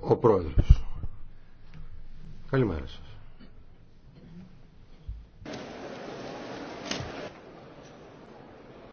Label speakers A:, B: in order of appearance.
A: Ο
B: πρόεδρος. Καλημέρα σας.